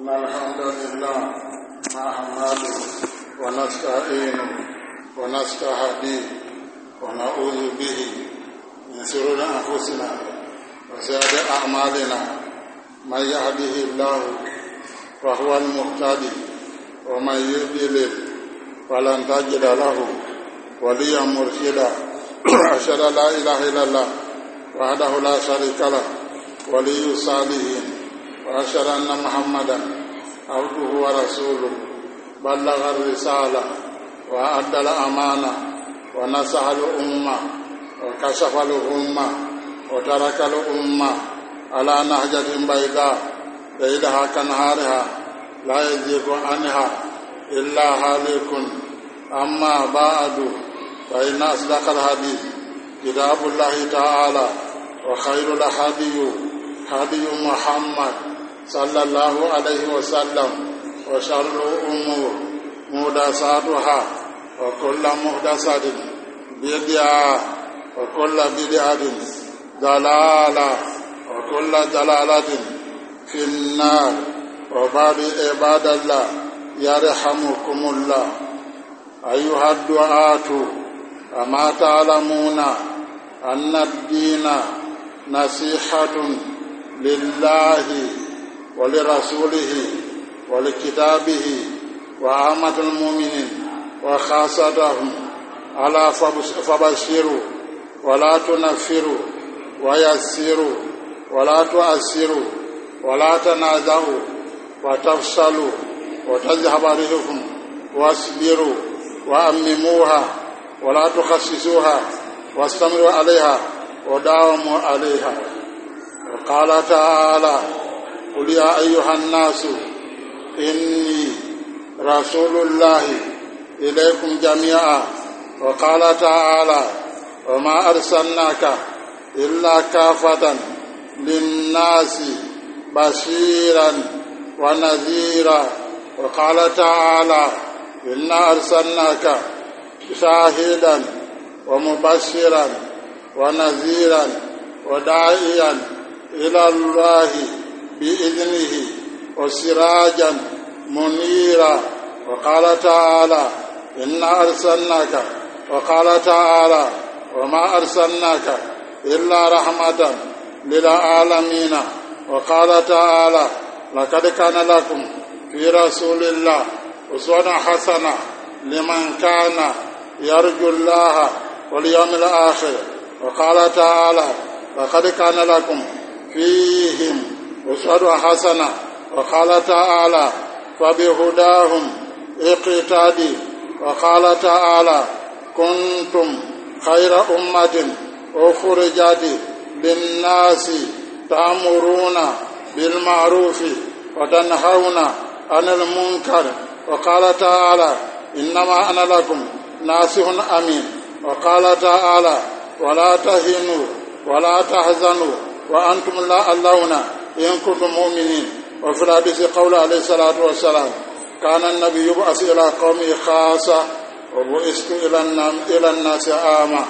إن الحمد لله نحمده ونستعينه ونستهديه ونعوذ به من سرور أنفسنا وسعد أعمالنا من يهده الله فهو المهتدي ومن يضلل فلن تجد له وليا مرشدا وأشهد لا إله إلا الله وحده لا شريك له ولي الصالحين وأشهد أن محمدا عبده ورسوله بلغ الرسالة وأدى الأمانة ونصح الأمة وكشف الأمة وترك الأمة على نهجة بيضاء ليلها كنهارها لا يزيغ عنها إلا هالك أما بعد فإن أصدق الحديث كتاب الله تعالى وخير الهدي هدي محمد صلى الله عليه وسلم وشر أمور مهدساتها وكل مهدسة بدعة وكل بدعة دلالة وكل دلالة في النار وبعد عباد الله يرحمكم الله أيها الدعاة أما تعلمون أن الدين نصيحة لله ولرسوله ولكتابه وعامة المؤمنين وخاصتهم على فبشروا ولا تنفروا ويسروا ولا تؤسروا ولا تنازعوا وتفصلوا وتذهب ريحكم واصبروا وأمموها ولا تخصصوها واستمروا عليها وداوموا عليها وقال تعالى قل يا أيها الناس إني رسول الله إليكم جميعا وقال تعالى وما أرسلناك إلا كافة للناس بشيرا ونذيرا وقال تعالى إنا أرسلناك شاهدا ومبشرا ونذيرا وداعيا إلى الله بإذنه وسراجا منيرا وقال تعالى إنا أرسلناك وقال تعالى وما أرسلناك إلا رحمة للعالمين وقال تعالى لقد كان لكم في رسول الله أسوة حسنة لمن كان يرجو الله واليوم الآخر وقال تعالى لقد كان لكم فيهم أسعد حسنا وقال تعالى فبهداهم اقتادي وقال تعالى كنتم خير أمة أخرجت للناس تأمرون بالمعروف وتنهون عن المنكر وقال تعالى إنما أنا لكم ناصح أمين وقال تعالى ولا تهنوا ولا تحزنوا وأنتم لا ألونا ينكرد المؤمنين وفي الحديث قول عليه الصلاة والسلام كان النبي يبعث إلى قومه خاصة وبئست إلى الناس عامة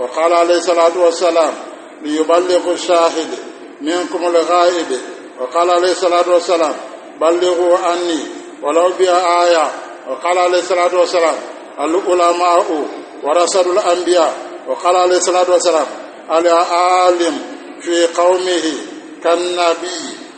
وقال عليه الصلاة والسلام ليبلغ الشاهد منكم الغائب وقال عليه الصلاة والسلام بلغوا عني ولو بها آية وقال عليه الصلاة والسلام العلماء ورسل الأنبياء وقال عليه الصلاة والسلام العالم في قومه kannabi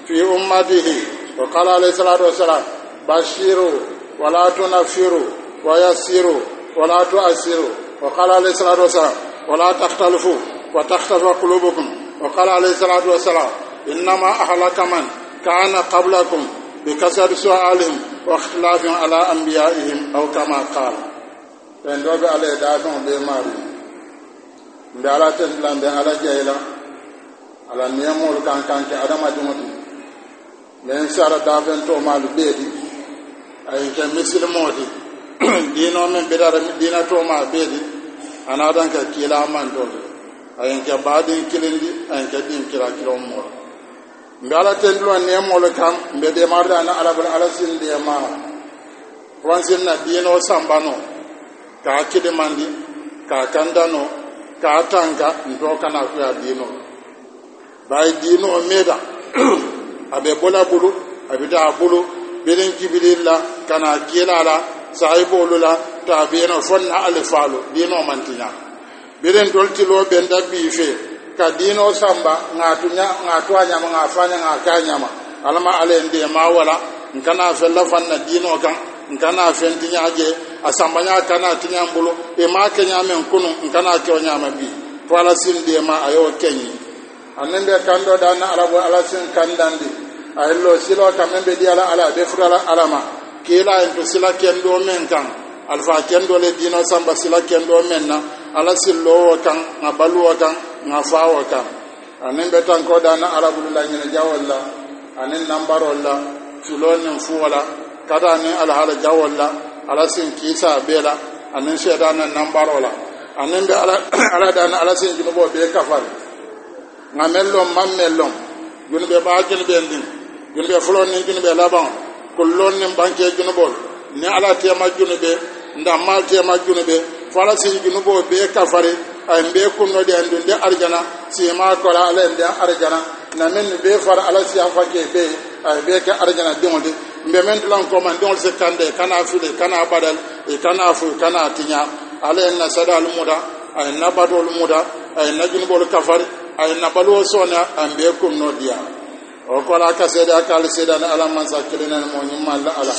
fi ummatihi wa qala alayhi salatu wassalam bashiru wala tunafiru wa yasiru wala tuasiru wa qala alayhi salatu wassalam wala takhtalifu wa takhtalifu qulubukum wa qala alayhi salatu wassalam innama ahlaka man kana qablakum bi kasari su'alihim wa ikhtilafihim ala anbiya'ihim aw kama qala ben dogo alayhi da don be mari ndala tan lande ala jayla ala niyamoolu kan ke adamadiŋo ti len sara daafentoomalu bee di ye ke misilimoo ti diinoo meŋ bidara diina toomaa bee di anaatan ka kiilaa mantoo ti ayin ke baadiŋ kilindi ayin ke diŋ kila kiloo moo la mbe ala tenduloŋ niyamoolu kaŋ mbe deemaari daana ala bula ala sin deemaa foransin na diinoo sambanoo a kidimandi kaa kandanoo a tanka ntoo kana kuya diinoo bayi diinoo o meeda a be bola bulu a bɛ a bulu belen jibril la ka na kila la saayiboolu la taabiina fo na alifaalu diinoo man tiña belen doltiloo ben da bii fee ka diinoo samba ŋa a ñama ŋa faña ŋa a ñama alama ala ye ndeema wala nkana fella fan na diinoo kaŋ nkana fen tiña je a sambaña kana tiñan bulu i maa ke ñamen kunu nkana kewo ñama bii to ala sin ndeema a yewo keñi annan de kanɗo ɗanna alabo ala sin kandandi a hello silo kamɓe ɓe ɗiyala ala ɓe furala alama kila en to sila kenɗo men kan alfa kendole dino samba sila kenɗo men na ala sillowo kan ga baluwo kan ga fawo kan anin ɓe tan ko ɗanna alabulla ñine jawolla anin nambarol la sulo nin fuwola kata anin alhaala jawolla ala sin kisa ɓeela anin sheitana nambarola anin ɓe ala ɗanna ala sin junuɓo ɓe kafal ŋamellon mammellon junuɓe ɓaa junuɓen ɗin junuɓe fulon nin junuɓe laban kullon nin banke junubol ni ala tema junube ndammal tema junuɓe fala si junubo ɓe kafari ay ɓe kunnoɗe an ɗum nde arjana sima kola ala en arjana na min ɓe fara ala siya fake ɓe ay ɓe ke arjana diŋode mbe men dulan koman diŋol si kande kana fili kana ɓaɗal e kana fo kana tiña ala en na saɗa almuda aye nabatolu muta aye najunubolu kafari aye nabaluwo sona an be kumno diya o kola kaseda kali sedani ala mansa kilinani mo ñimmalla ala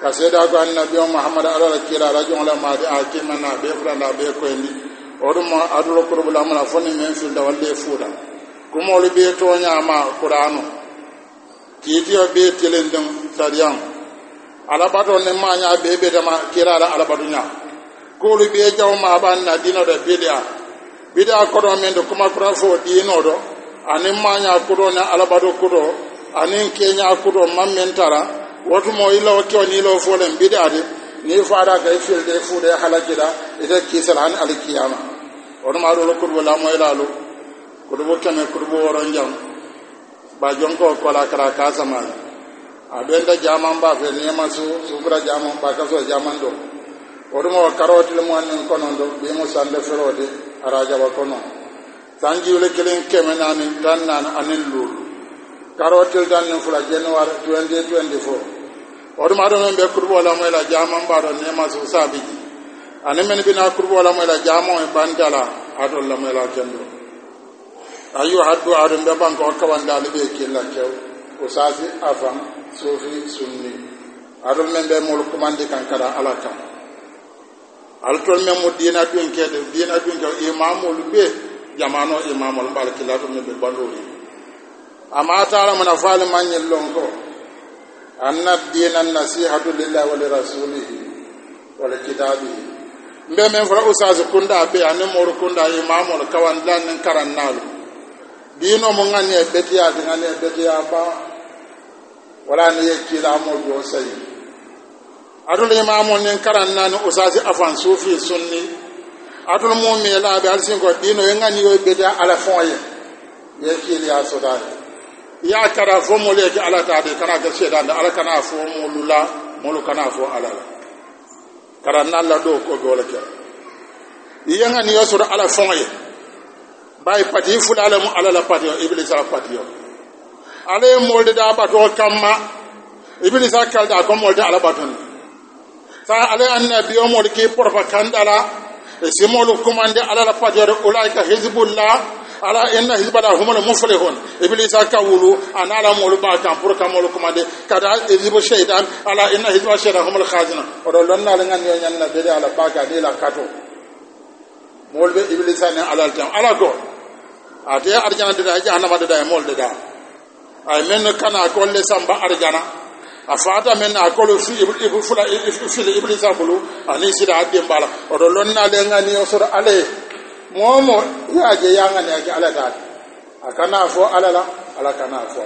kaseda ko annabio mahamad ala la kila ala jongola madi a kimmana a be fulanda a be koyndi oɗuma adulo kurubulamuna foni men filda walle fuuta kumolu be toñama kuranu kiitiyo be tilindin sadiyan alabato ni maña be betama kila ala alabatuña kolu ɓe jaw ma ɓanna dino ɗo bidia bidia koɗo min de kuma kura fo dino ɗo anin maña kuɗo ne alabado kuɗo anin keña kuɗo man min tara wotumo ilawo kewo nilo folen bidia de ni fada ka filde fuude halakida ite kisal han alkiyama wonuma ɗolo kuɗubo lamoylalu kuɗubo keme kuɗubo woron jam ba jonko kola kara kasamani a ɓen jaman ba fe niyama su sufura jaman ba kaso jaman ɗo oɗum o karotile mumanin kono do ɓimo sande ferode ara jaɓa kono tan jiwle kelen keme nani tan nan anin lulu karotil danni fula januwari 2024 oɗum aɗo men ɓe kurɓolamo ela jaman mbaɗo nemaso sabiji ani men bina kurɓolamo ela jamo e bandala aɗollamo ela kendo ayu haddu aɗum ɓe banko hokkawandali ɓe killa kew o sasi afan sofi sunni aɗol men ɓe mol kumandi kan kala ala kam altol men mo dina ɗum kede dina ɗum ke imamolu ɓe jamano imamol mbaɗa kilato men ɓe ɓallori amma tara mona faali mañel lon ko anna dina nasi hadu lila li rasulihi wa li kitabihi mbe men fota usage kunda be ani moro kunda imamol kawandilan nen karan dino mo gani e ɓetiyade gani e ɓetiya ba wala ne yekkila amol jo sayi adul imamon nin karan nan usasi afan sufi sunni adul mumin la bi alsin ko dino yanga ni yo beda ala fonye ye kili ya soda ya kara fo mole ki ala ta de kana ga sheda da ala kana fo mo lu kana fo ala la karan nan la do ko gola ke yenga ni yo soda ala fonye bay pati fula ala mu ala la pati iblis ala pati ala molde da bato kamma iblis akal da ko molde ala baton ta ala annabiyomol ki porfa kandala e simolu kumande ala la fajore ulaika hizbullah ala inna hizballah humul muflihun iblisa kawulu ana ala molu bakan pour ka molu kumande kada ezibu cheytan ala inna hizba cheytan humul khasina oɗo lonnale gan yo ñanna bede ala baka ni la kato molu ɓe iblisa ne alal tem ala go ate arjana deda jahannama deda e molde da ay men kana kolle samba arjana afata men kolo fi ibu fula fili iblisa bulu ani sida adde bala odo lonna le ngani o soro ale momo je yangani ake ala ta akana fo alala ala kana fo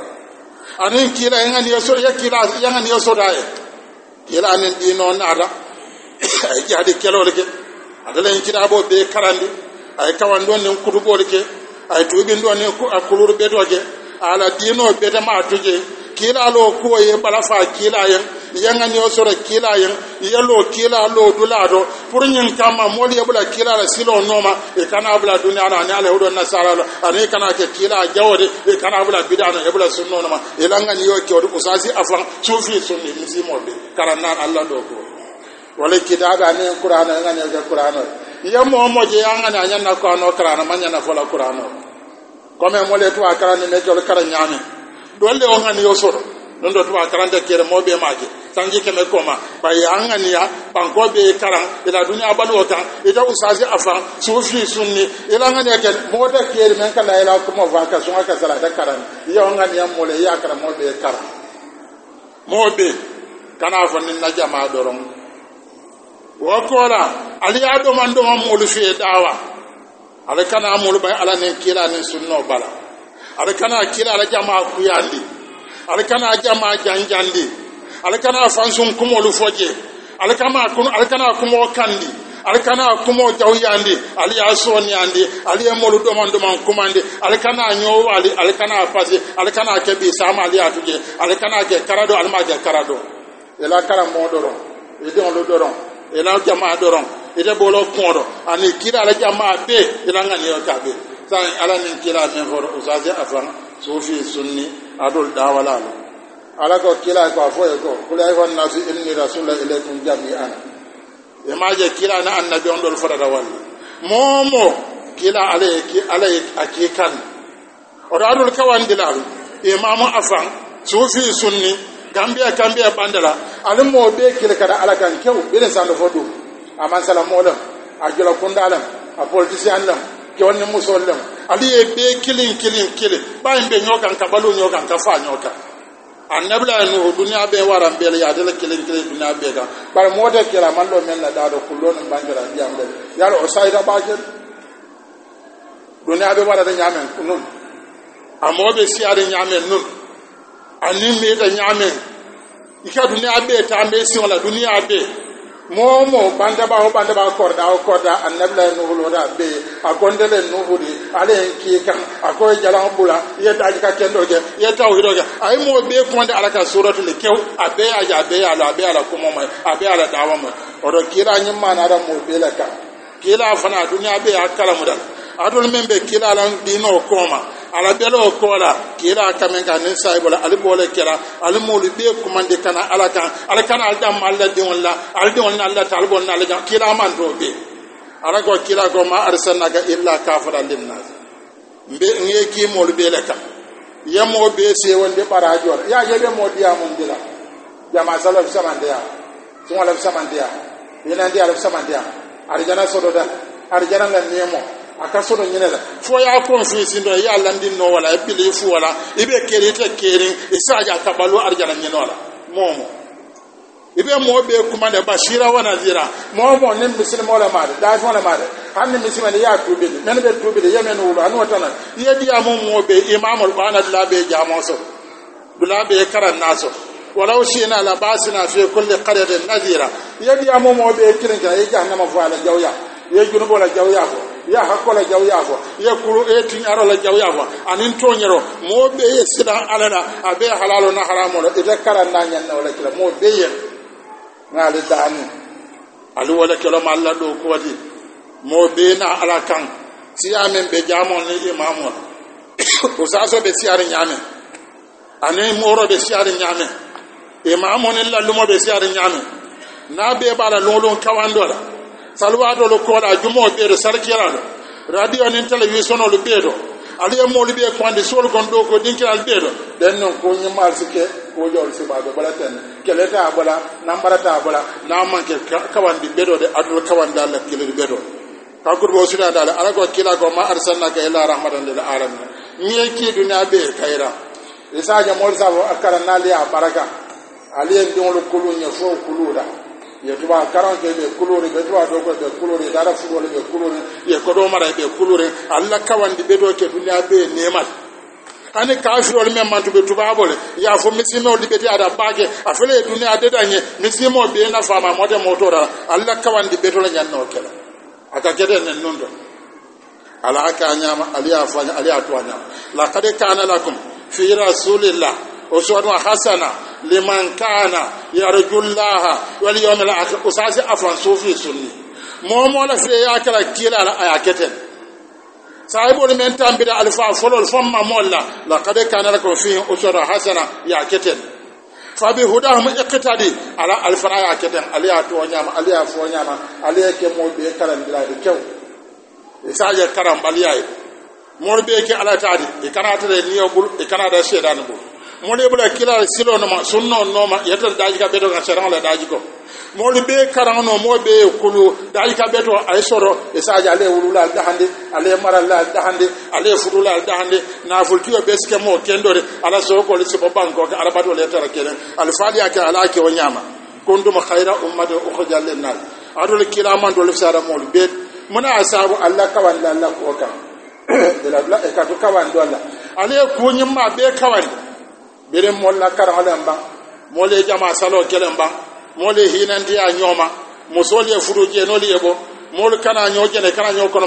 ani kila ngani o soro yakila yangani o soro dai kila anen dino ada ay jadi kelo ke adala en kitabo be karandi ay kawan don nen kutubole ke ay tubin don nen akulur be doje ala dino be ma tuje kiilaalo wo kuwo yeŋ bala fa kiilayeŋ yeŋaniwo soto kiilayeŋ yello kiila lo dulaato pour ñiŋ kamma moolu ye bula kiila la siloo nooma ì kana bula duniya la ani alayhudo nasara la ani ì kana ke kiila jawo de ì kana bula bida na ì bula sunno noma ì la ŋaniyo kewoti usasi afaŋ suufi sunni misimo be kara naan alla lo kuwo wala kitaabe ani kurano ì ŋaniyo ke kurano ye moo moje ye ŋani a ñaŋ na kuano karano ma ñaŋ na fola kurano comme moolu ye tuwa kara ni me kewolu kara ñaame dolle o hani yo soro non do tuba karanta kere mobe maake tangi keme koma bayi an ganiya banko be karan ila duniya baluwo kan ita usasi afan sufi sunni ila ganiya ke mogo ta kere men kala ila kuma fa ka sunga ka sala ta karan iya an ganiya mole iya karan mobe karan mobe kana fa nin na jama doron wa kola ali ya do man do mon dawa ala kana mulu bay ala ne kira sunno bala ale kana kila ala jama kuyandi ale kana jama janjandi ale kana fansun kumolu foje ale kama kun ale kana kumo kandi ale kana kumo jawuyandi ale y'a sɔɔniyandi ale ye molu dɔman dɔman kumandi ale kana ɲɔw ale ale kana pase ale kana kɛ bi saama ale y'a tuje ale kana kɛ kara dɔ ale ma kɛ kara dɔ ila karamɔgɔ dɔrɔn idenwolo dɔrɔn ila jama dɔrɔn ide bolo kɔn dɔ ani kiri ale jama bee ila ŋaniyɔ ta bee san ala min kila min foro usaje afan sufi sunni adul dawalalu ala ko kila ko e ko kula ko nasu inni rasulullah ilaykum jami'an e maje kila na annabi on dol fotata walli momo kila alaye ki alaye akikan oɗo adul kawandilalu imamu afan sufi sunni gambia gambia bandala alin mo be kila kada ala kan kew bilin sando fo ɗum aman sala molam a jula kundalam a politicien lam jɔn ni muso lɛm ale ye bɛɛ kelen kelen kelen ba in bɛ ɲɔgɔn kan ka balo ɲɔgɔn kan ka fa ɲɔgɔn kan a nabila ye nuhu duniya bɛɛ wara n bɛɛ la yadala kelen kelen duniya bɛɛ kan bari mɔgɔ de kɛra a man dɔ mɛn na daa dɔ kulo ni ban kɛra diyan bɛɛ yala o sayida b'a kɛ duniya bɛɛ wara de ɲaamɛ kunun a mɔgɔ bɛ siya de ɲaamɛ nun ani mɛ de ɲaamɛ i ka duniya bɛɛ taa an bɛ la duniya bɛɛ moo mo bandaba ho bandaba korda o korda annabi la e nuhulo da be a gondele nuhudi ale en ki e kam a ko e jalan bula ye daji ka kendo ge ye tawhido ge ay mo be konde ala ka suratul kew a be a ja be ala be ala kuma mai a be ala dawa mai o do kira nyi mana da mo be la ka kila fana duniya be a kala mudal adol men be kila lan dino koma ala beloo koola kiiraa kamen ka nin sahibola ali boole kela ali moolu ɓee kumandi kana ala kan ala kana ali ɗam ma alla diŋol la ali diŋol na allata ali boolna ala jan kiiraa mantoo ɓe ala ko kiiraa ko ma arisanna ka illa kafara lim naati mbe ŋe kii moolu ɓee le kam yemoo bee seewondi ɓaraa joor ya yeɓe moo diyaa mum di la jama sa lef samandiya suŋo lef samandiya yinandi alef samandiya arijana sodo da arijana la niemoo aka soro nyine fo ya confiance ndo ya landi no wala e bile fu wala ibe kere te kere isa ja tabalu arjana nyine wala momo ibe mo be kuma da bashira wa nadira momo ne muslim wala ma da da wala ma da han ne muslim ne ya tubi ne men be tubi ne yemen wala an watana ye di amu mo be imam al-qur'an la be jamo so dula be karan naso ولو شئنا لباسنا في كل قرية نذيرا يدي أمو مو بيكرنجا يجي أنا مفعل الجويا يجي نبول الجويا فوق ya hakko la jaw ya fo ya kuro etin aro la jaw ya fo anin to nyero mo be ye sidan alala abe halalo na haramo la ida karan na nyan na wala kila mo be ye ngali dani alu wala kila ma alla do ko wadi mo be na ala kan siya men be jamon ni imamu ko saso be siya re nyame anin moro be siya re nyame imamu ni la lumo be siya nyame na be bala lolon kawando la salwaatolu koola a jumoo ɓee to sarkiraaɗo radio nin télévisionolu ɓee to alu ye moolu ɓee kondi suwolu kon ɗo ko ɗinkiral ɓee to ɗen non ko ñimmaal sikke kojawol sibaaɓe ɓola tenne keleta ɓola nambarata ɓola naa manke kawandi ɓeɗode adol kawandi allah kiliri ɓeɗode kankuɗo ɓo suɗadale ala ko kila ko ma arsannaka illa rahmatan lil alamina ñie ki duniya ɓe kayra isaje moolu safo akkara naaliya baraka ali yen ɗiŋolu kuluñe fo kuluɗa ye tuba karanke ɓe kulori ɓe tuba dogo ɓe kulori dara fuɗole ɓe kulori ye koɗomara ɓe kulori allah kawandi ɓeɗo ke duniya ɓe nema. ani kafirol men mantuɓe tubaɓole ya fo misimol ɗi ɓeti aɗa baake a fele e duniya a misimo ɓe nafama mode motorala allah kawandi ɓetole ñanno kela aka keten nen nun ɗo ala aka ñama aliya fa aliya tuwa ñama lakad kana lakum fi rasulillah uswatun hasana liman kana yarju llaha wal yawmil akhir usasi afan sufi sunni momo la se ya kala kila ala ayaketen sahibol men tambida alfa folol famma molla laqad kana lakum fihi uswatun hasana yaketen fabi hudahum iqtadi ala alfara yaketen aliya to nyama aliya fo nyama aliya ke mo be karan dilade kew isaje karam baliyaye mor be ke ala moni bula kilare silo noma sunno noma yetta daaji ka beto ka sharan la daaji ko moni be karan no mo be kulu daaji ka beto ay soro e saaji ale wulula da hande ale mara la da hande ale fudula da hande na fulki be ske mo kendore ala so ko le sibo banko ka ala bato le tara kene al faliya ka ala ke wanyama kunduma khaira ummatu ukhrijal lin nar adol kilaman dole sara mo be muna asabu allah ka wallan la ko ka de la e ka to ka wan do allah ale ko nyimma be ka wallan bere mola na kara halen ban mol ye jama salo kelen ban mol ye hinandi a nyoma musol ye furuje nol ye bo mol kana nyo ne kana nyo kono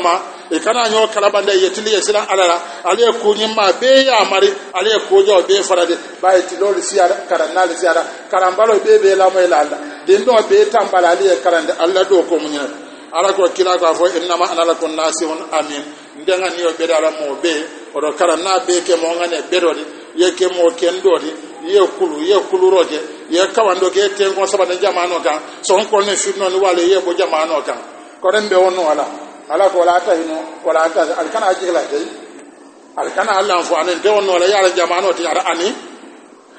e kana nyo kala bande ye tili ye silan alala ale ye ko nyimma be ya mari ale ye ko be farade baye tilol siara kara nal siara karambalo be be la moy lalla din do be tambala ale ye karande alla do ko munyina ala ko kila ko fo innama ana lakum nasihun amin ndenga niyo be dala mo be Orokara karanna be ke mo gane ɓeɗoɗe ye ke mo kenɗoɗe ye kulu ye kuluroje ye kawanɗo ke tenko saɓane jamano kan son konne finnoni walla ye bo jamano kan koɗen ɓe wonno ala ala ko wala tahino wala ta alkana jigla dey alkana allan fo anen te wonno ala yaala jamano ti ara ani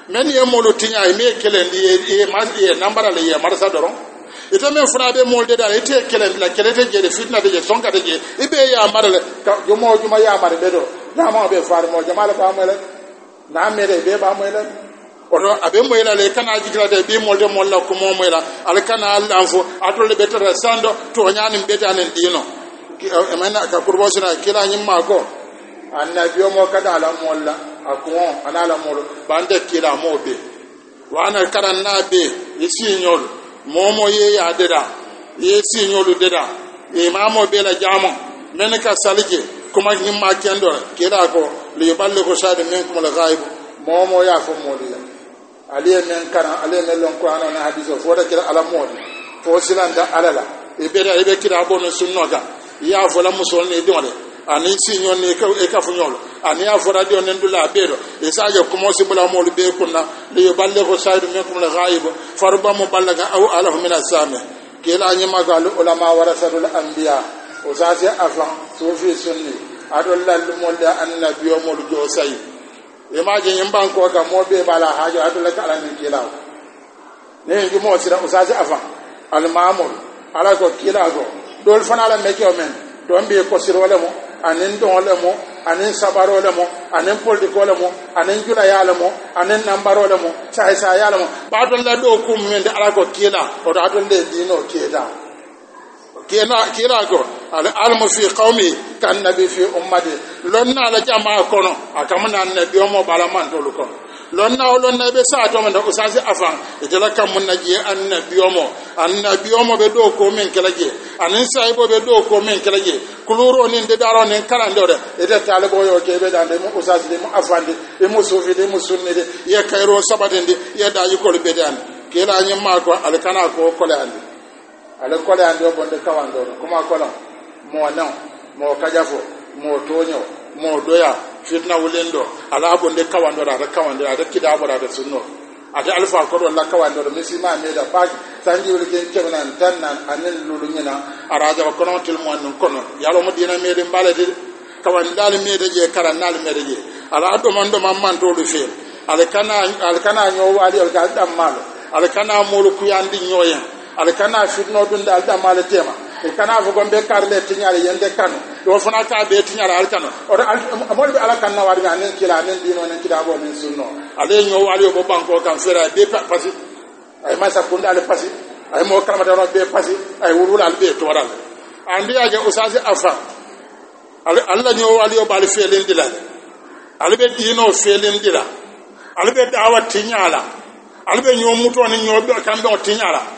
men ye molu tiñayi mi ye kelendi ye nambarala ye marsa doron ita min fana be molde dala ite kelen la kelen te jere fitna te je sonka te je ibe ya mare le ka jumo juma ya mare be nama ɓe farmo jamala ba moylan namere ɓe ba moylan ono aɓe moyla ley kana jigirade ɓi molde molla komo moyla ala kana allan fo atolle ɓetata sando toñanin ɓetanen ɗino eh, mana ka kurbo sona kilañimma ko annabi omo kada ala molla a kumo ana ala molo bande kila mo ɓe wana kara na ɓe e siñolu momo yeya deda ye siñolu deda imamo ɓela jamo mene ka salike kuma himma kendora kiɗa ko leyo ɓalle ko sade min kumal gaybo momo ya fo moodiya aliye min kana aliye min lon qur'an na hadise fota kira ala moodi fo silanta ala la e ɓeta eɓe kira bo no sunno ga ya fola musol ni dole ani si ñonni e kafu ñolo ani ya fota ɗio nen dulla ɓeeɗo e sadio commence ɓula moolu ɓe kunna leyo ɓalle ko sade min kumal gaybo faru bammo ɓalla ga aw ala fo min asame kela ñimma ko ala ulama warasatul ambiya osase afan sofi sunni aɗo lallumolde annabiyomol jo sayi imaji e yimbanko kam mo ɓe bala haajo adola ka sira ala kila ko ɗol fana ala meke o men ɗon mbiye kosirole mo anin ɗole mo anin sabarole mo anin politikole mo anin julayale mo anin nambarole mo e ya sayale mo ɓa ton la ala ko kiila kena kira ko ala almu fi qawmi kan nabi fi ummati lonna ala jama kono akamna nabi mo bala man to lu kono lonna o lonna be sa to man ko sasi afan itala kam mun naji annabi mo annabi mo be do ko men kala je anin sai bo be do ko men kala je kuluro nin de daro nin kala ndore ede tale bo yo ke be dande mo ko sasi de mo afan de e mo sofi de mo sunni de ye kairo sabaden de ye da yi ko be dande kela nyi ma ko alkana ko kole ala kola yandi o bonde kawandono kuma kola mo nan mo kajafo mo toño mo doya fitna wulendo ala bonde kawandora ada kawandora ada kida abora ada sunno ada alfa ko wala kawandora mi sima me da ba sanji wuli ken kemnan tannan anen lulu nyina araja ko non til mo non kono yalo mo dina me mbale de kawandala me de je karannal me de je ala do man do to lu fe ala kana ala kana nyowa al ala kana mulu kuyandi nyoya ala kana fitno dun da mala tema e kana fo gombe karle tinyare yende kano do fana ta be tinyare al kano o mo be ala kanna wadi ngane kila nen dino nen kila bo nen sunno ale nyo wali bo banko kan sera be pasi ay ma sa kunda ale pasi ay mo kalma da be pasi ay wurula al be toral andi aje usasi afa ale alla nyo wali o bal felen dila ale be dino felen dila ale be dawa tinyala ale be nyo muto ni nyo be kan be tinyala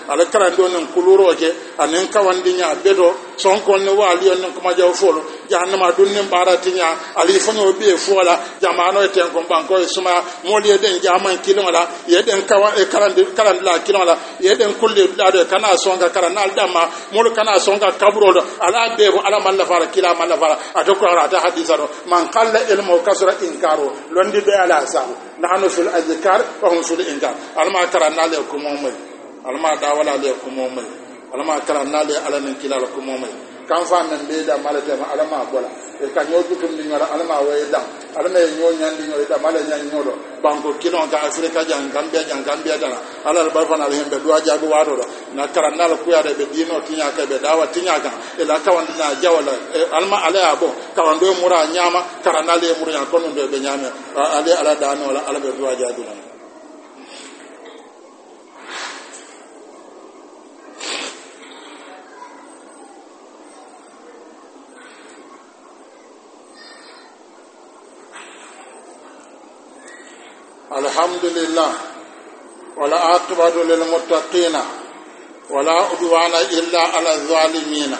ala karando nin kuluro ke anin kawandi nya bedo sonkon ne wali on nin kuma jaw folo jahannama dun nin barati nya ali bi be fola jamano eten kon banko e suma moli e den jaman kilo la yeden kawa e karandi karandi la kilo la yeden kulle la de kana songa karana dama mol kana songa kabro do ala be ala malla fara kila malla fara atoko ta hadisa do man qalla ilmu kasra inkaro londi be ala sa nahnu fil azkar wa hum fil inkar alma karana le kuma mai alama dawala le kumo mai alama kala na le ala nan kila kumo mai kan fa nan be da mala ta alama bola e ka nyo du kum dingara alama waye da alama e nyo nyan dingara e da mala nyan nyo do banko kino ga afrika jan gambia kan jan kan gambia da ala ba fa na le hembe duwa jago wado do na kala na le kuya de be dino tinya ka be dawa tinya ga e la ka wanda jawala e alama ala abo ka wando mura nyama kala na le mura yan kono be ala da no ala be dua jago do الحمد لله ولا عاقبة للمتقين ولا عدوان إلا على الظالمين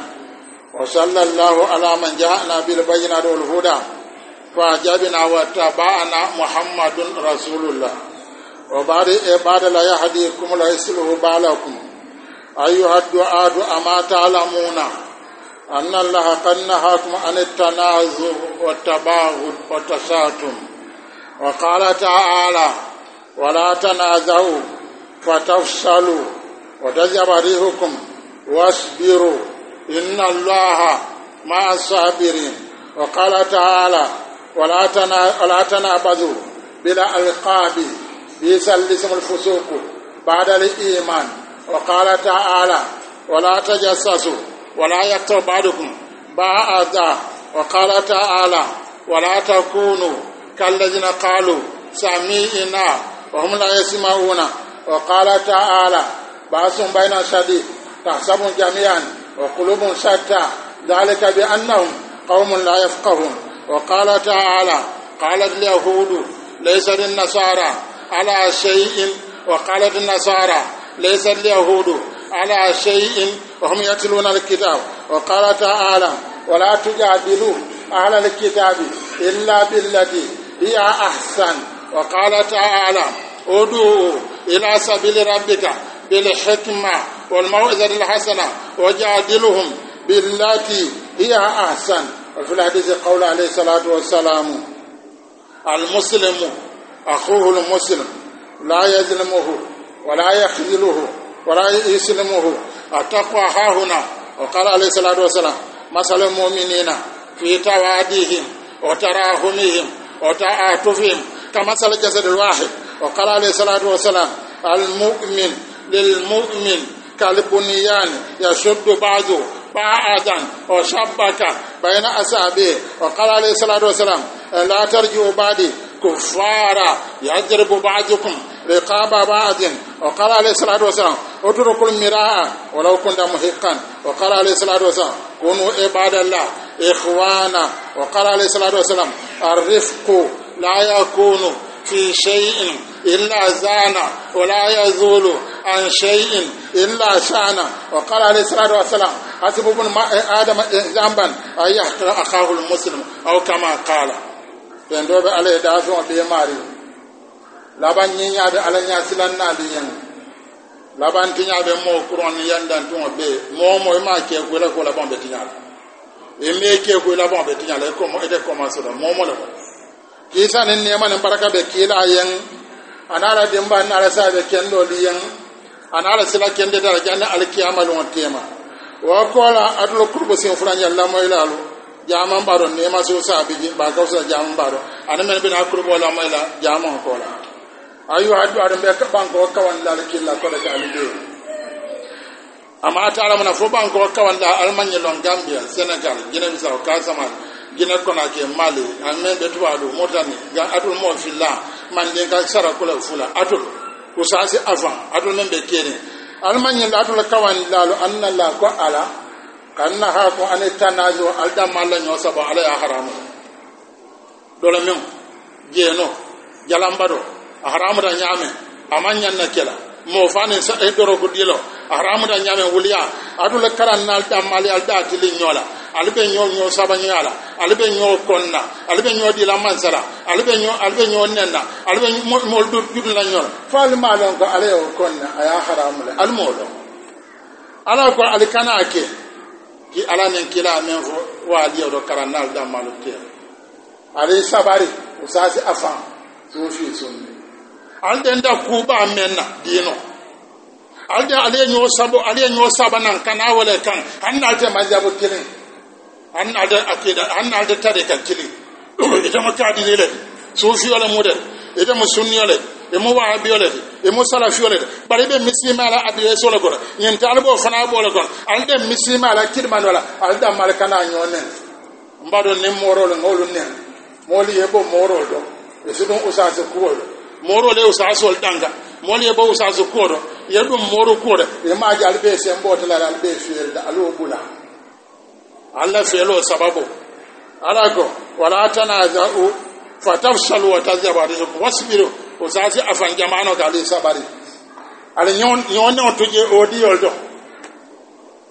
وصلى الله على من جاءنا بالبينة والهدى فأجابنا وتابعنا محمد رسول الله وبعد إباد لا يهديكم لا يسله بالكم أيها الدعاء أما تعلمون أن الله قد نهاكم عن التنازل والتباغض والتشاتم وقال تعالى ولا تنازعوا فتفشلوا وتذهب ريحكم واصبروا إن الله مع الصابرين وقال تعالى ولا تنابذوا بلا القاب بئس الاسم الفسوق بعد الايمان وقال تعالى ولا تجسسوا ولا يكتب بعضكم بعضا وقال تعالى ولا تكونوا كالذين قالوا سمعنا وهم لا يسمعون وقال تعالى بعث بين شديد تحسب جميعا وقلوب شتى ذلك بأنهم قوم لا يفقهون وقال تعالى قالت اليهود ليس للنصارى على شيء وقالت النصارى ليس اليهود على شيء وهم يتلون الكتاب وقال تعالى ولا تجادلوا على الكتاب إلا بالذي هي أحسن وقال تعالى ادعوا إلى سبيل ربك بالحكمة والموعظة الحسنة وجادلهم بالتي هي أحسن وفي الحديث قول عليه الصلاة والسلام المسلم أخوه المسلم لا يظلمه ولا يخذله ولا يسلمه التقوى ها هنا وقال عليه الصلاة والسلام مثل المؤمنين في توادهم وتراهمهم وتعاطفهم كمثل الجسد الواحد وقال عليه الصلاة والسلام المؤمن للمؤمن كالبنيان يشد بعضه بعضا وشبك بين أصابعه وقال عليه الصلاة والسلام لا ترجعوا بعدي كفارا يضرب بعضكم رقاب بعض وقال عليه الصلاة والسلام اتركوا المراء ولو كنت محقا وقال عليه الصلاة والسلام كونوا عباد الله إخوانا وقال عليه الصلاة والسلام الرفق لا يكون في شيء إلا زان ولا يزول عن شيء إلا شان وقال عليه الصلاة والسلام حسب ابن آدم ذنبا أن يحقر أخاه المسلم أو كما قال يندوب عليه دافع بيماري لابن ينياد على نياسلنا لينه laban tiɲa bɛ mɔɔ kuran ni yan dan tɔn bɛ mɔɔ mɔɔ i m'a kɛ ko la ko laban bɛ tiɲa la i m'e kɛ ko laban bɛ tiɲa la i kɔmɔ i tɛ kɔmanse la mɔɔ mɔɔ la k'i san ni nɛɛma ni baraka bɛ k'i la yɛn a n'a la denba n'a la sa bɛ kɛn dɔli yɛn a n'a la sira kɛn de da la jɛn ni alikiyama lɔn tema wa kɔ la a dolo kurubo sen fura ɲɛ lamɔ i la lo jaaman b'a dɔn nɛɛma so sa a bɛ jin ba ka fisa jaaman b'a dɔn ani mɛ ne na kurubo lamɔ i la jaama kɔ la. ayu hadu adam be ka banko kawan la killa ko daga alibe amma ta ala mana fo banko kawan la almanya lon gambia senegal gina bisa ka sama gina kona ke mali amme be to adu motani ga adu mo filla man de ka sara kula fula adu ko sasi avant adu men be kene almanya la adu kawan la anna la ko ala kanna ha ko ane tanajo alda malla nyo sabo ala ya haramu dole men jeno jalamba do haramda ñaame ama ñanna kela mo fane sa e eh, doro ko dilo haramda ñaame wuliya adula karan nal da mali al da tili ñola albe ñoo ñoo saba ñala albe ñoo konna albe ñoo dila mansara albe ñoo albe ñoo nenna albe mo dur dur la ñola fal malon ko ale o konna aya le al molo ala ko al kana ke ki ala nen kila men fo wa aliyo do karan nal da malu ke ale sabari usasi afam so fi sunni alden da kuba menna dino alde ale nyo sabo ale nyo saba nan kana wala kan hanna ta mazhabu kilin hanna da akida hanna da tarika kilin ita makadi ne le sufi wala model ita musunni wala emo wahabi wala emo salafi wala bari be mislima ala adiye sola gora nyen talbo fana bo la gora alde misima ala kirman wala alda malkana nyonen mbado ne morolo ngolu ne moli yebo morolo esudon usase kuwolo moro le usa asol danga mol ye bo sa koro ye dum moro koro e ma ja albe se mbota la albe fiel da alo bula alla fielo sababu alago wala tanaza'u fatafshalu wa tazaba rizqu wasbiru usasi afan jamano kali sabari ala nyon nyon to je odi yoldo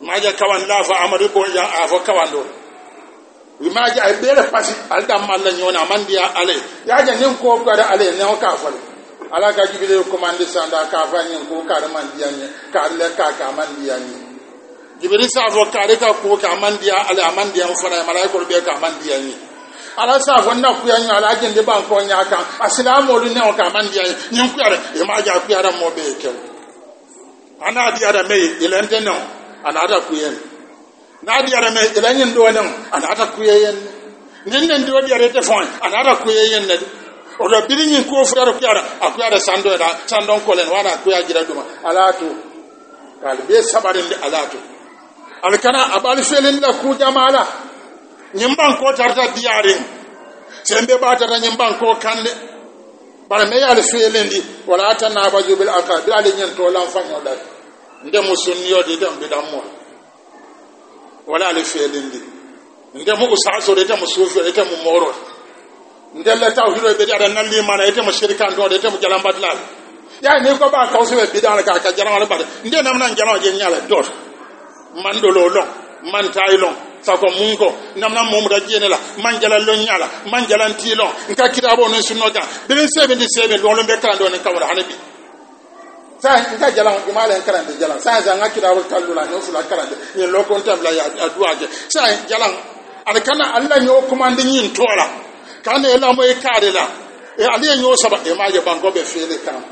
maja kawan la fa amadu ko ya afa kawan limaji ay bere pasi al dam malla nyona mandi ya ale ya ja nin ko ko da ale ne ka fal ala ka jibile ko mandi sanda ka fa nin ko ka mandi ya ne ka le ka ka mandi ya ne jibiri sa fo ka re ka ko ka mandi ya ale mandi ya fara malaikul be ka mandi ya ne ala sa fo na ku ya ne ala je de ban ko nya ka asilamu lu ne o ka mandi ya ne ku ya re e ma ja ku ya ra mo be ke ana di ara me ile nteno ana ada ku ya ne naadiyara me ila ñin ɗonen nin kuyeyenne ndin nen ndiwaɗiyarete fon anata kuyeyenne de oɗo biri ñin kuwo furata kuyara a kuyara sandoyɗa sandon kolen waɗa kuya jira ɗuma ala to kaali ɓe saɓarinde ala da ku aɓal felinɗa kujamala k'o tarta diyarin sembe ɓatata ko kande bara me yaali di, wala tanna abaju bil aka bi ali ñin to lan fañoɗat nde musunniyodi ɗen mbiɗan wala ale fiyelindi nte mugu saasoro ite mu suufiyo ite mu moorol ntelle tawhido e bidi ada limana ite mu shirikantode ite mu jalambatilale yayi ni ko ba be bidana ka ka jalama bade nde namna jalama je nyala dot mandolo long mantayi long sako munko namna je jene la manjala lo nyala manjala ntilo nka kitabo no sunno ga bilin sebe ndi sebe be kala do ne kamara hanabi san ta jalan imalen karande jalan san san akira wal kallula no fula karande ni lokon tabla ya adua je san jalan alkana allah nyo komande nyin tola kana ela mo e kare la e ali nyo saba e ma je bango be fele kam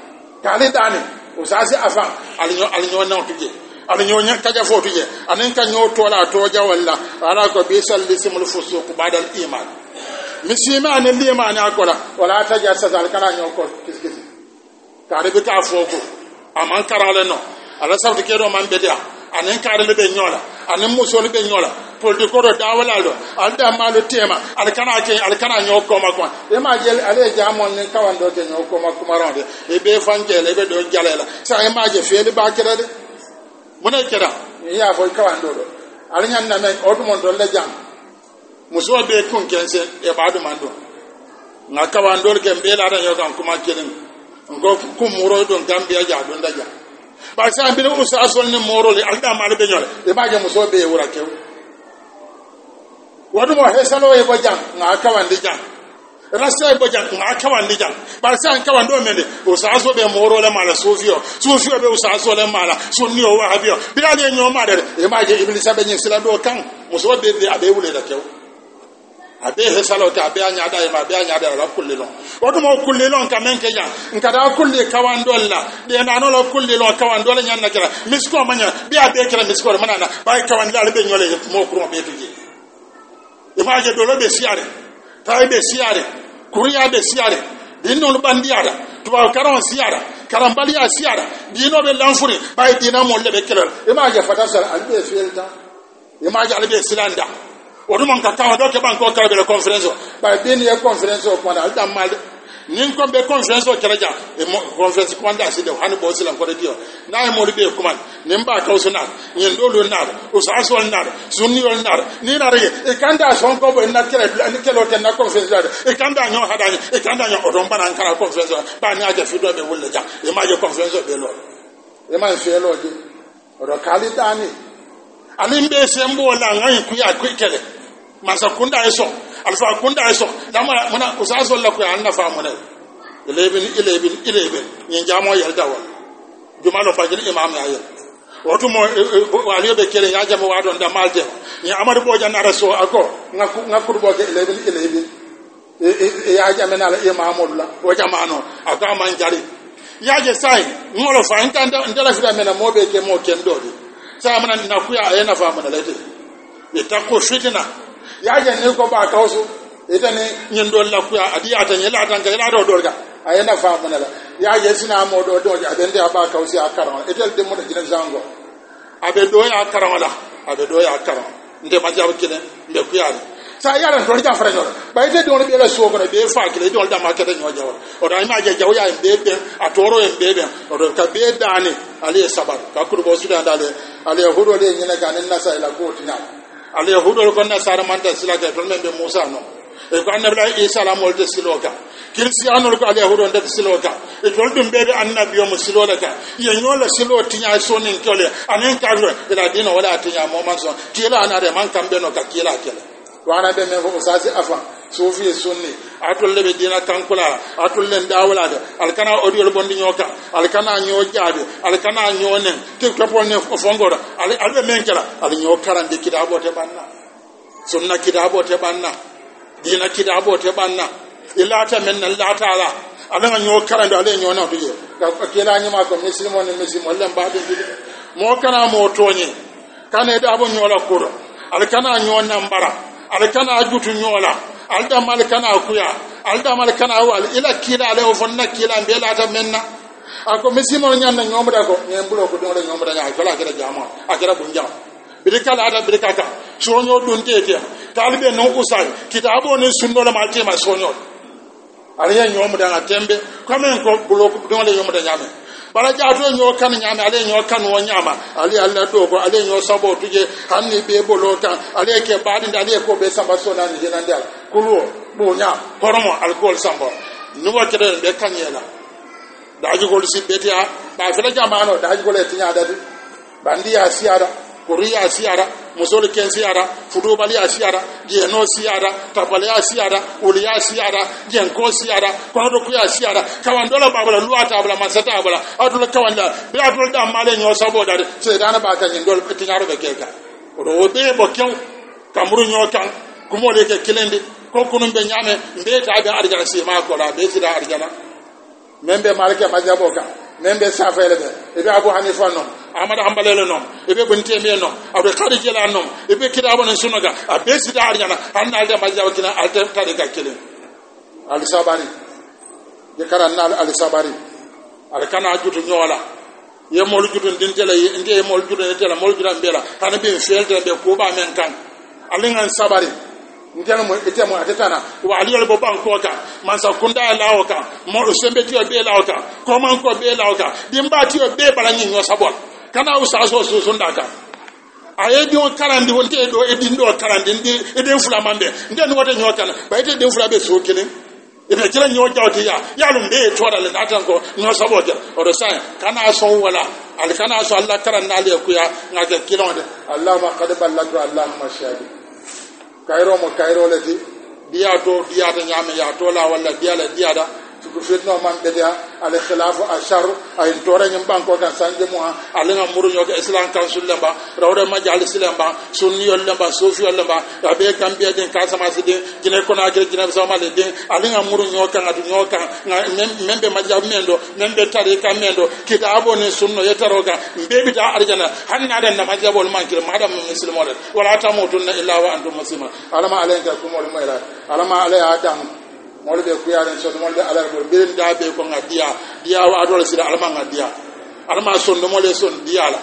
kale dane o sasi afa ali nyo ali nyo na tuje ali nyo nya kaja fo tuje anen ka nyo tola toja walla ala ko bi sallisimul fusuq ba'da al iman misima anen liman akola wala tajassas alkana nyo ko kiskisi kare be ka fo ko aman karale no ala sarti kedo man bedia anen karale be nyola anen musol be nyola pour de ko da wala do al da ma le tema al kana ke al kana nyo ma ko e ma je ale ja mon ne kawan do ke nyo koma kuma ronde e be fanje le be do jalela sa e ma je fele ba kere de mona kera ya fo kawan do do al nyan na me odumon do le jam muso be kun e ke se e ba do man do na kawan do ke be la da nyo kan kuma kelin nkorɔfo kum wɔrɔ don gambia gya don da gya baasi an bini usa asɔn ni mɔɔrɔ le ali dama ale bɛ ɲɔ le b'a jɛ muso bɛ ye wura kɛw wɔdi mɔ hɛsɛlɛ ye bɔ jan nka a kawan di jan rasa ye bɔ jan nka a kawan di jan baasi an kawan dɔw mɛ de usa asɔ bɛ mɔɔrɔ lɛ maa la sofiyɔ sofiyɔ bɛ usa asɔ lɛ maa la sunniyɔ wahabiyɔ bilali ye ɲɔgɔn ma dɛ e b'a jɛ ibilisa bɛ ɲɛ sira dɔw kan muso bɛ de e e e a bɛ wuli da kɛw abe he salawte abe a ñaɗayima abe a ñaɗayima ala kulle lon o ɗum o kulle lon ka men ke ña nkada kulle kawandol la ɗenanola kulle lon kawandole ñanna kira misko maña ɓe a ɓe kira miskore manana ɓawi kawandila ala ɓe ñole mo kurma ɓe tuji imaje dolo ɓe siyare tawi ɓe siyare kuriya ɓe siyare ɗinnolu ɓandiyata tubaw karan siyara karanbaliya siyara ɗinoɓe lanfuri ɓawi ɗina molle ɓe kelol imaje fata sara ali ɓe fiyelta imaje ali ɓe silanda oduma nkaka wọn dɔw kɛ ban kɔ kala bɛlɛ kɔnferɛnsɔ bari den ni ye kɔnferɛnsɔ kuma na ale ta ma ni n kɔn bɛ kɔnferɛnsɔ kɛlɛ ja kɔnferɛnsi kuma si dɛ o hali bɔ sisan n'a ye mɔri bɛ kuma ni n b'a kaw so naare nin n'olu naare o san sɔli naare sunni yɔrɔ naare ni naare ye i kan t'a sɔn kɔ bɔ i na kɛlɛ ni na la i kan t'a hada ɲɛ la ba ni ye masa kunda ya son alfa kunda ya son da muna usa son la ku an na famu ne ilebin ilebin ilebin nyen jamo yarda wa juma lo fajin imam ya yi wato mo waliyo eh, eh, be kere ya jamo wadon da malje ni amadu bojan na raso ako ngaku ngaku bo ke ilebin ilebin eh, ya jame na la imamu la o jamano aka man jari ya je sai ngolo fa intanda ndala fida mena mobe ke mo kendori sa mana na ku ya yana fa mana lete ita ko fitina yaje ne ko ba kawsu ita ne nyen do la kuya adi ata ne la tan kala do dorga ayena fa manala yaje sina mo do do aden de ba kawsi akaron ita de mo de jina zango abe do ya akaron la abe do ya akaron nde ma jabu kine nde kuya sa yaran to ja fara nyoro ba ite don be la so ko be fa kile don da ma kete nyo jawo o da ma ja jawo ya be be atoro en be be o do ka be dane ale sabar ka kuru bo sudan dale ale horo le nyina ganen nasa ila gotina ala yahudol ko nasara manta silaka tol men ɓe moussa noon e eh, ko annabiɗa isa lamolde silo ka kiristianol ko ala yahudo ndek silo ka e eh, tol ɗum ɓeɓe annabi omo silole ka yo ñoola silo tiña sonin kole anen kaɗo ila dina wala tiña moman son kiila anare man kamɓe no ka kiila kele wana ɓe men fo usasi afan sufi sunni atul be dina atul atulle ndawla de alkana audio bondi nyoka alkana nyo jabe alkana nyo ne tiktok ne fongora al albe menkela al nyo karande kidabo te banna sunna kidabo te banna dina kidabo te banna illa ta min la ta'ala adan nyo karande ale nyo na tuye ka kila nyi ma ko mislimo ne mislimo len ba de mo kana mo tonye kana da abo nyola kuro alkana nyo nambara alkana ajutu nyola alda mal kana kuya alda mal kana wal ila kila ale o fonna kila be la ta menna ako misimo nyan na nyomra ko nyembulo ko dole nyomra nya ko la kira jama akira bunja birika la ada birika ka sonyo dun te te talibe non usai kitabo ne sunno la malte ma sonyo ari ya nyomra na tembe kamen ko bulo ko dole nyomra nya me bara jaato ñoo kan nyame ale ñoo kan wo ñaama ale alla to ko ale ñoo sabo tuje hanni be bolo kan ale ke baadinde ale ko be samba sonani jenande ala kuluwo ɓuuña hormo alcool sambo nugo keɗen ɓe kañela daajugol siɓɓetiya ɓa fela ji gol e tinya tiñadadi bandi ya siara kori ya siyara musol ken siyara bali ya siara je no siara tapale ya siara uli ya siara je ko siara ko do ku ya siara kawan dola ba bala luata bala masata bala adula kawan da be atula da male nyo sabo da se dana ba kan tinya ro be keka ro be bo kyon kamru nyo kan kumo le ke kilende mbe be kokkunum ɓe ñaame mbeytaade arjana sima kola mbeytida arjana min ɓe malike madiabo kan min ɓe safele ɓe eɓe abou hanifa noon amada hambalele noon eɓe bonitemiye noon aɓe kadi jela noon eɓe kitabu nen sunno ga a besida arjana hanna alde madiabo kina alte tade ga kelen ali sabari je karannal ali sabari aɗa kana juto ñoola yemol juto ndintela nde yemol juto ndintela mol juta mbiyela hana ɓe feeltere ɓe kuuɓa men kan alingan sabari ntɛnɛ mo ete mo ate tana wa ali yɛrɛ bɔ ban kɔ kan mansa kunda yɛ la o kan mɔri sɛnbɛ ti yɛ bee la o kan kɔman kɔ bee la o kan denba ti yɛ bee bala nyi nyɔ sabɔ kana e e aw e sa sɔ soso da kan a ye denw kalandi o tɛ dɔn e den dɔw kalandi ndi den e den fila man bɛn n tɛ te nyɔ ɲɔ kan ba e tɛ den fila bɛ so kelen e bɛ kelen ɲɔ jaw ti ya yalum mbe tɔ da la n'a tɛ kɔ ɲɔ sabɔ kɛ o de san kana sɔn wala ali kana sɔn ala kalan n'ale ye koya nka kɛ kelen dɛ alama kadi balila jɔ alama siyadi kayro mo kayro leti ɗiya to ɗiyata ñaame ya to la walla ɗiyale ɗiyaɗa sufitno man ɓeɗa ala khilafu a charru ayin toreñin ɓanko kan sanje muha alinga muruñoke islam kan sulle mba rawre majali sile mba sunniyolle mba sofiyolle mba aɓe kan mbiye ɗin kasamasi ɗin jine konakiri jine somali ɗin alinga muruño kan adu ño kan men ɓe majabu men ɗo men ɓe tari kan men ɗo kitabo ni sunno yettaro kan mbeɓita arjana hannaɗen na majabol mankil maɗam muslimeoɗen wala tamutunna illa wa antum muslima alama alayen ka kumol moyla alama alaya dan mol ɓe kuyaren sondo mol ala alargol mbirin da be ko ga diya diya o adola sira alama ga diya alama sondo mol e son diyala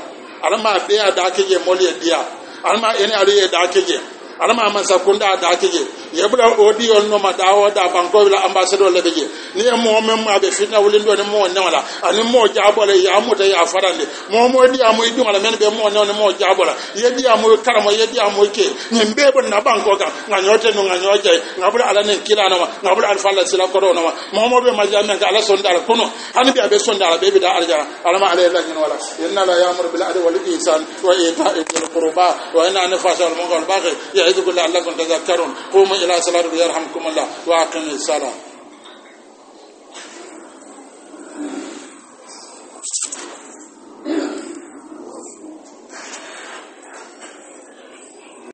alama ɓeya da keje mol ye diya alama ene aɗo ye da keje alama amansa kunda da ake je yebra odi on no mada o banko wala ambassador lebe je ni mo mem ma be fitna wulin do ni mo nyawala ani mo jabole ya muta ya farande mo mo di amu idu ala men be mo ne mo jabola ye di amu karamo ye di amu ke ni mbe bon na banko ga nga nyote no nga Ngabula nga ala ne kila na ma nga bula alfa sila ko ma mo mo be maja men ga ala sonda ala kono ani be be sonda ala be be da arjara alama ala la nyin wala inna la ya'muru bil adli wal ihsan wa ita'i dhil qurba wa inna an fasal mungol baghi يعظكم لعلكم تذكرون قوموا إلى صلاتكم يرحمكم الله وأقم الصلاة